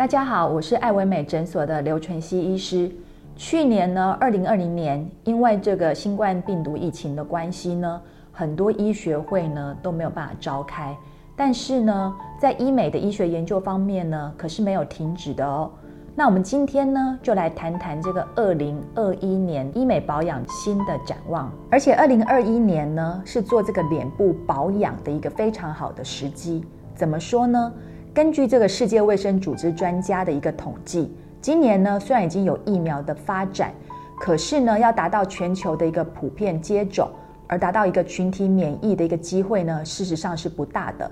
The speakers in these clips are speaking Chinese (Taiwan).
大家好，我是愛惟美診所的劉淳熙醫師。去年呢，二零二零年，因為這個新冠病毒疫情的關係呢，很多醫學會呢都沒有辦法召開。但是呢，在醫美的醫學研究方面呢，可是沒有停止的哦。那我們今天呢，就來談談這個二零二一年醫美保養新的展望。而且二零二一年呢，是做這個臉部保養的一個非常好的時機。怎麼說呢？根據這個世界衛生組織專家的一個統計，今年呢雖然已經有疫苗的發展，可是呢要達到全球的一個普遍接種，而達到一個群體免疫的一個機會呢，事實上是不大的。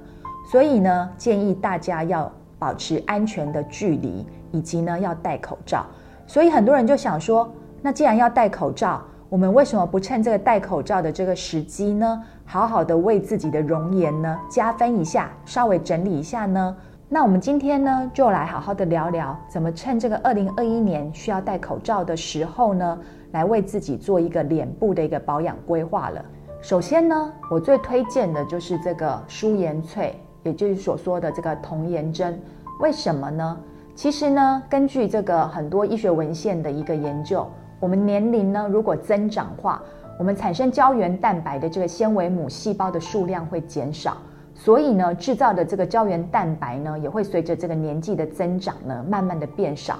所以呢，建議大家要保持安全的距離，以及呢要戴口罩。所以很多人就想說，那既然要戴口罩，我們為什麼不趁這個戴口罩的這個時機呢，好好的為自己的容顏呢加分一下，稍微整理一下呢？那我們今天呢，就來好好的聊聊，怎麼趁這個二零二一年需要戴口罩的時候呢，來為自己做一個臉部的一個保養規劃了。首先呢，我最推薦的就是這個舒顏萃，也就是所說的這個童顏針。為什麼呢？其實呢，根據這個很多醫學文獻的一個研究，我們年齡呢，如果增長話，我們產生膠原蛋白的這個纖維母細胞的數量會減少。所以呢，製造的這個膠原蛋白呢，也會隨着這個年紀的增長呢，慢慢的變少。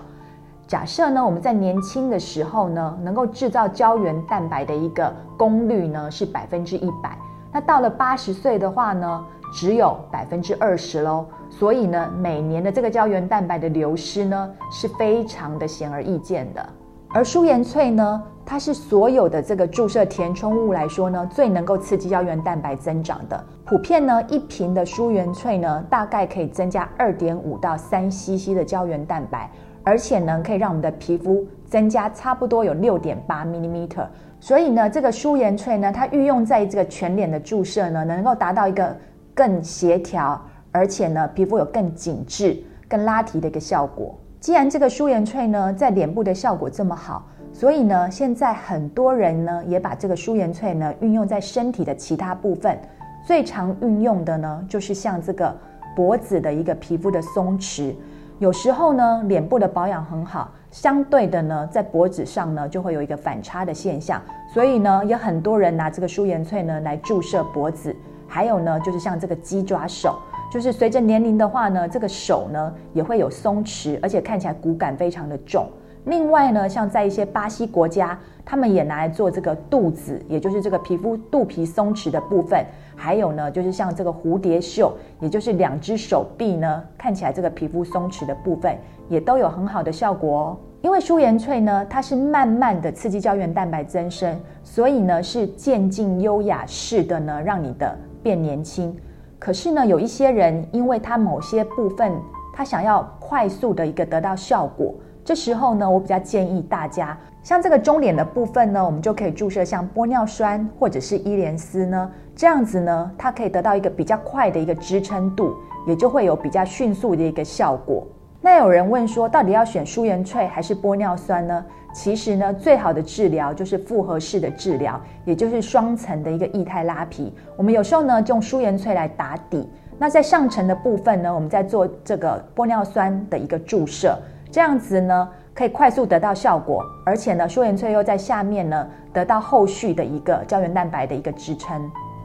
假設呢，我們在年輕的時候呢，能夠製造膠原蛋白的一個功率呢是百分之一百，那到了八十歲的話呢，只有百分之二十嘍。所以呢，每年的這個膠原蛋白的流失呢，是非常的顯而易見的。而舒顏萃呢，它是所有的這個注射填充物來說呢，最能夠刺激膠原蛋白增長的。普遍呢，一瓶的舒顏萃呢，大概可以增加二點五到三 cc 的膠原蛋白，而且呢，可以讓我們的皮膚增加差不多有六點八 millimeter。所以呢，這個舒顏萃呢，它運用在這個全臉的注射呢，能夠達到一個更協調，而且呢，皮膚有更緊緻、更拉提的一個效果。既然這個舒顏萃呢，在臉部的效果這麼好，所以呢，現在很多人呢也把這個舒顏萃呢運用在身體的其他部分。最常運用的呢就是像這個脖子的一個皮膚的鬆弛。有時候呢，臉部的保養很好，相對的呢，在脖子上呢就會有一個反差的現象。所以呢，有很多人拿這個舒顏萃呢來注射脖子，還有呢就是像這個雞爪手。就是隨着年齡的話呢，這個手呢也會有鬆弛，而且看起來骨感非常的重。另外呢，像在一些巴西國家，他們也拿來做這個肚子，也就是這個皮膚肚皮鬆弛的部分。還有呢，就是像這個蝴蝶袖，也就是兩隻手臂呢，看起來這個皮膚鬆弛的部分也都有很好的效果哦。因為舒顏萃呢，它是慢慢的刺激膠原蛋白增生，所以呢是漸進優雅式的呢，讓你的變年輕。可是呢，有一些人因為他某些部分，他想要快速的一個得到效果，這時候呢，我比較建議大家，像這個中臉的部分呢，我們就可以注射像玻尿酸或者是洢蓮絲呢，這樣子呢，它可以得到一個比較快的一個支撐度，也就會有比較迅速的一個效果。那有人問說，到底要選舒顏萃還是玻尿酸呢？其實呢，最好的治療就是複合式的治療，也就是雙層的一個液態拉皮。我們有時候呢就用舒顏萃來打底，那在上層的部分呢，我們再做這個玻尿酸的一個注射，這樣子呢可以快速得到效果，而且呢，舒顏萃又在下面呢得到後續的一個膠原蛋白的一個支撐。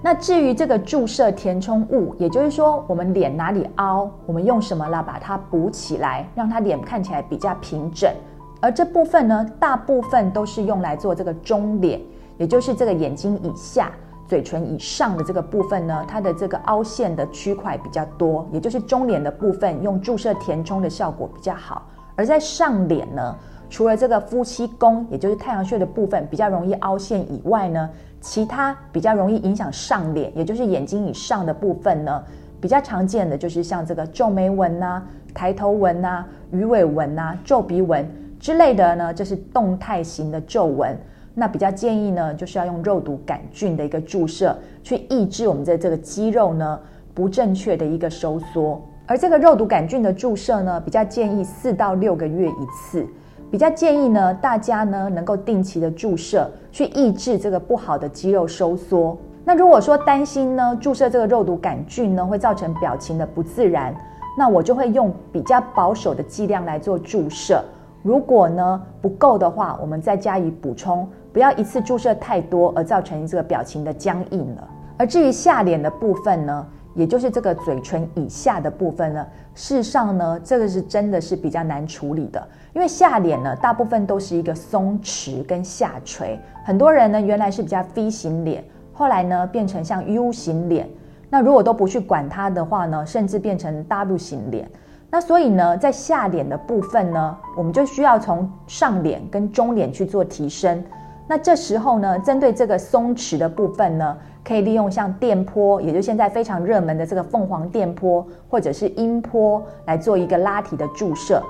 那至於這個注射填充物，也就是說我們臉哪裡凹，我們用什麼來把它補起來，讓它臉看起來比較平整。而這部分呢，大部分都是用來做這個中臉，也就是這個眼睛以下、嘴唇以上的這個部分呢，它的這個凹陷的區塊比較多，也就是中臉的部分用注射填充的效果比較好。而在上臉呢，除了這個夫妻宮，也就是太陽穴的部分比較容易凹陷以外呢。其他比較容易影響上臉，也就是眼睛以上的部分呢，比較常見的就是像這個皺眉紋吶、啊、抬頭紋吶、啊、魚尾紋吶、啊、皺鼻紋之類的呢，這、就是動態型的皺紋。那比較建議呢，就是要用肉毒桿菌的一個注射，去抑制我們的這個肌肉呢不正確的一個收縮。而這個肉毒桿菌的注射呢，比較建議四到六個月一次。比較建議呢，大家呢能夠定期的注射，去抑制這個不好的肌肉收縮。那如果說擔心呢，注射這個肉毒桿菌呢會造成表情的不自然，那我就會用比較保守的劑量來做注射。如果呢不夠的話，我們再加以補充，不要一次注射太多而造成這個表情的僵硬了。而至於下臉的部分呢，也就是這個嘴唇以下的部分呢，事實上呢，這個是真的是比較難處理的，因為下臉呢，大部分都是一個鬆弛跟下垂，很多人呢原來是比較 V 型臉，後來呢變成像 U 型臉，那如果都不去管它的話呢，甚至變成 W 型臉，那所以呢，在下臉的部分呢，我們就需要從上臉跟中臉去做提升。那這時候呢，針對這個鬆弛的部分呢，可以利用像電波，也就是現在非常熱門的這個鳳凰電波或者是音波來做一個拉提的注射。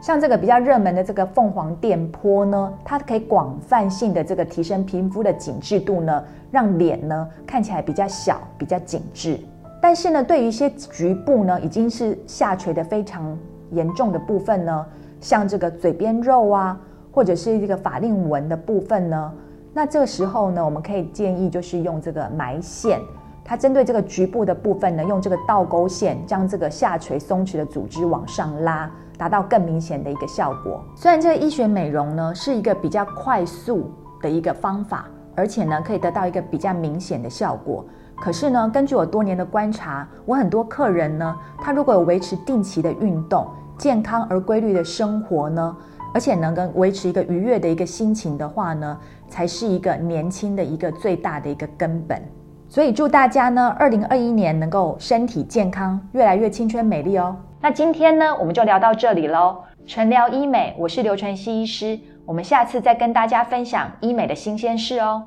像這個比較熱門的這個鳳凰電波呢，它可以廣泛性的這個提升皮膚的緊緻度呢，讓臉呢看起來比較小、比較緊緻。但是呢，對於一些局部呢，已經是下垂得非常嚴重的部分呢，像這個嘴邊肉啊。或者是這個法令紋的部分呢，那這個時候呢，我們可以建議就是用這個埋線，它針對這個局部的部分呢，用這個倒鈎線將這個下垂鬆弛的組織往上拉，達到更明顯的一個效果。雖然這個醫學美容呢是一個比較快速的一個方法，而且呢可以得到一個比較明顯的效果，可是呢，根據我多年的觀察，我很多客人呢，他如果有維持定期的運動、健康而規律的生活呢，而且能夠維持一個愉悅的一個心情的話呢，才是一個年輕的一個最大的一個根本。所以祝大家呢，二零二一年能夠身體健康，越來越青春美麗哦。那今天呢，我們就聊到這裡嘍。淳聊醫美，我是劉淳熙醫師，我們下次再跟大家分享醫美的新鮮事哦。